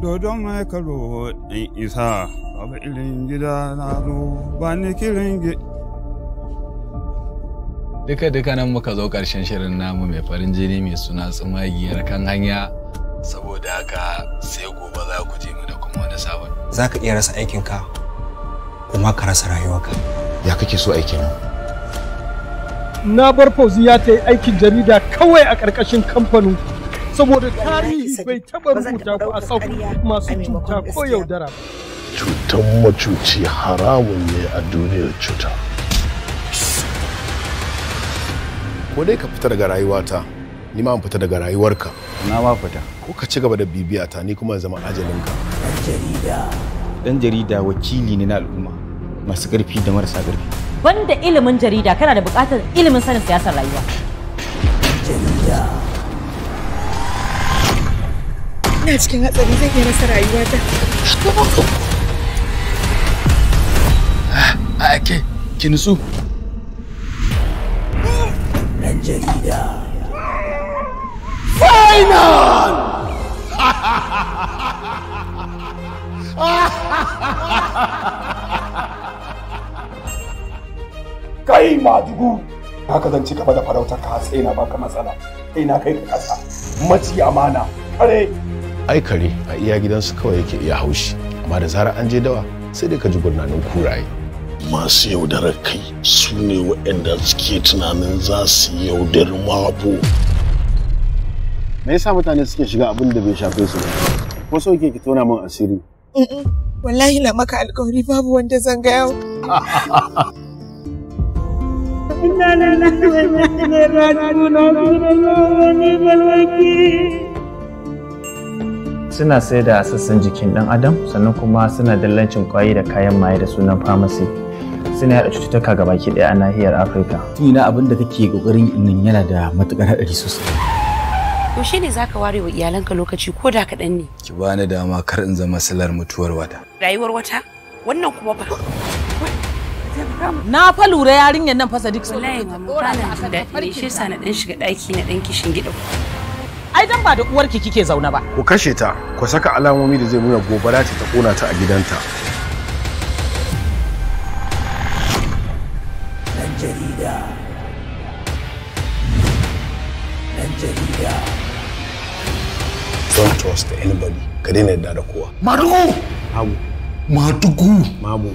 dodon mai karo in isa babu irin gida na zo ba ni kirin duka duka nan muka zo karshen shirin namu mai farin jini mai suna tsumagiyar kan hanya saboda haka sai gobe za ku je mu da kuma wani sabon za ka iya rasa aikinka kuma ka rasa rayuwarka ya kake so aikin na bar fauzi ya ta yi aikin jarida kawai a ƙarƙashin kamfanin saboda tarihi bai taba rubuta ku a tsakon masu cuta ko yaudara cutan macuci haramun ne a duniyar cuta ko dai ka fita daga rayuwata ni ma fita daga rayuwarka na ma fita ko ka ci gaba da bibiya ta ni kuma zama ajalin ka. jarida dan jarida wakili ne na al'umma masu karfi da marasa ƙarfi banda ilimin jarida kana da bukatar ilimin sanin siyasar rayuwa jarida ina cikin hatsari zai iya rasa rayuwata a ah, ake, ki nutsu jarida final kai madugu haka zan cika gaba da farautar ka tsena na baka matsala kai na kai ka kasa maci amana kare ai a iya gidansu kawai yake iya haushi amma da zarar an je dawa sai dai ka ji gurnanin kuraye masu yaudarar kai su ne waɗanda suke tunanin za su yaudar mabu. me yasa mutane suke shiga abin da bai shafe su ba ko so ke ki tona min asiri wallahi na maka alkawari babu wanda zan ga yau inna lillahi wa inna ilaihi raji'un suna sai da sassan jikin dan adam sannan kuma suna dallancin kwayi da kayan maye da sunan pharmacy suna yada cututtuka ga baki ɗaya a nahiyar afirka tunina abin da kake kokarin nan yana da matukar haɗari sosai yaushe ne zaka ware wa iyalanka lokaci ko da kaɗan ne ki bani dama kar in zama silar mutuwar wata rayuwar wata wannan kuma fa na fa lura yarinyar nan fa Sadiq wallahi mama ba na jin shi yasa na dan shiga ɗaki na dan kishin gida ai dan ba da uwarki kike zaune ba ku kashe ta ku saka alamomi da zai nuna gobara ce ta kona ta a gidanta dan jarida dan jarida don't trust anybody ka daina yadda da kowa madugu mabu madugu mabu